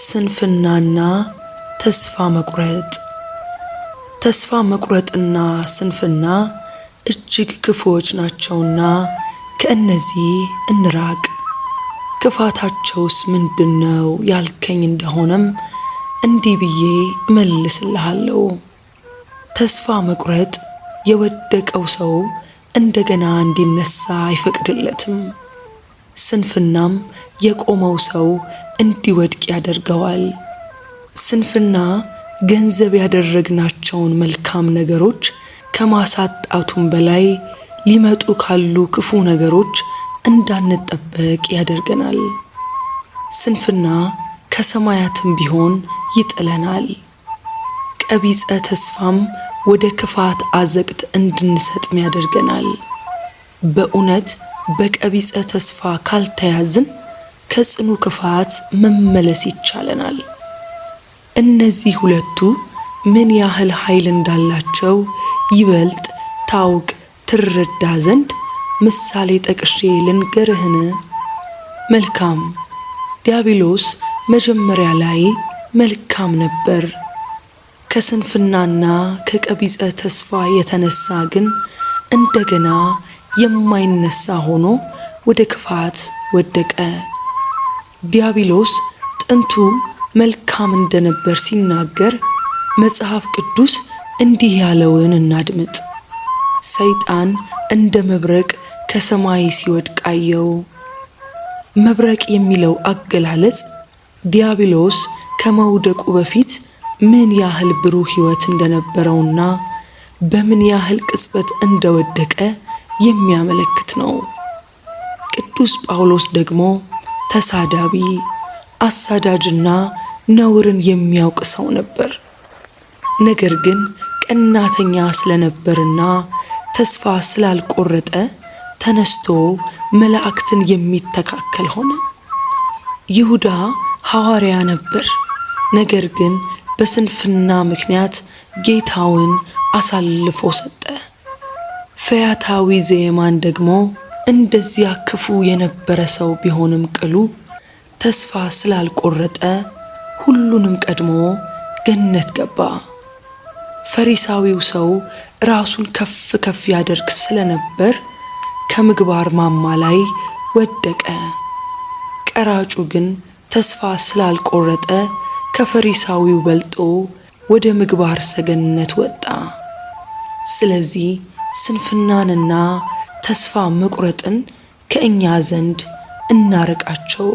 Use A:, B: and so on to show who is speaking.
A: ስንፍናና ተስፋ መቁረጥ። ተስፋ መቁረጥና ስንፍና እጅግ ክፉዎች ናቸውና ከእነዚህ እንራቅ። ክፋታቸውስ ምንድን ነው ያልከኝ እንደሆነም እንዲህ ብዬ እመልስልሃለሁ። ተስፋ መቁረጥ የወደቀው ሰው እንደገና እንዲነሳ አይፈቅድለትም። ስንፍናም የቆመው ሰው እንዲወድቅ ያደርገዋል። ስንፍና ገንዘብ ያደረግናቸውን መልካም ነገሮች ከማሳጣቱም በላይ ሊመጡ ካሉ ክፉ ነገሮች እንዳንጠበቅ ያደርገናል። ስንፍና ከሰማያትም ቢሆን ይጥለናል። ቀቢጸ ተስፋም ወደ ክፋት አዘቅት እንድንሰጥም ያደርገናል። በእውነት በቀቢፀ ተስፋ ካልተያዝን ከጽኑ ክፋት መመለስ ይቻለናል። እነዚህ ሁለቱ ምን ያህል ኃይል እንዳላቸው ይበልጥ ታውቅ ትረዳ ዘንድ ምሳሌ ጠቅሼ ልንገርህን። መልካም ዲያብሎስ መጀመሪያ ላይ መልካም ነበር። ከስንፍናና ከቀቢፀ ተስፋ የተነሳ ግን እንደገና የማይነሳ ሆኖ ወደ ክፋት ወደቀ። ዲያብሎስ ጥንቱ መልካም እንደነበር ሲናገር መጽሐፍ ቅዱስ እንዲህ ያለውን እናድምጥ። ሰይጣን እንደ መብረቅ ከሰማይ ሲወድቅ አየው። መብረቅ የሚለው አገላለጽ ዲያብሎስ ከመውደቁ በፊት ምን ያህል ብሩህ ሕይወት እንደነበረውና በምን ያህል ቅጽበት እንደወደቀ የሚያመለክት ነው። ቅዱስ ጳውሎስ ደግሞ ተሳዳቢ፣ አሳዳጅና ነውርን የሚያውቅ ሰው ነበር። ነገር ግን ቀናተኛ ስለነበርና ተስፋ ስላልቆረጠ ተነስቶ መላእክትን የሚተካከል ሆነ። ይሁዳ ሐዋርያ ነበር። ነገር ግን በስንፍና ምክንያት ጌታውን አሳልፎ ሰጠ። ፈያታዊ ዜማን ደግሞ እንደዚያ ክፉ የነበረ ሰው ቢሆንም ቅሉ ተስፋ ስላልቆረጠ ሁሉንም ቀድሞ ገነት ገባ። ፈሪሳዊው ሰው ራሱን ከፍ ከፍ ያደርግ ስለነበር ከምግባር ማማ ላይ ወደቀ። ቀራጩ ግን ተስፋ ስላልቆረጠ ከፈሪሳዊው በልጦ ወደ ምግባር ሰገነት ወጣ። ስለዚህ ስንፍናንና ተስፋ መቁረጥን ከእኛ ዘንድ እናርቃቸው።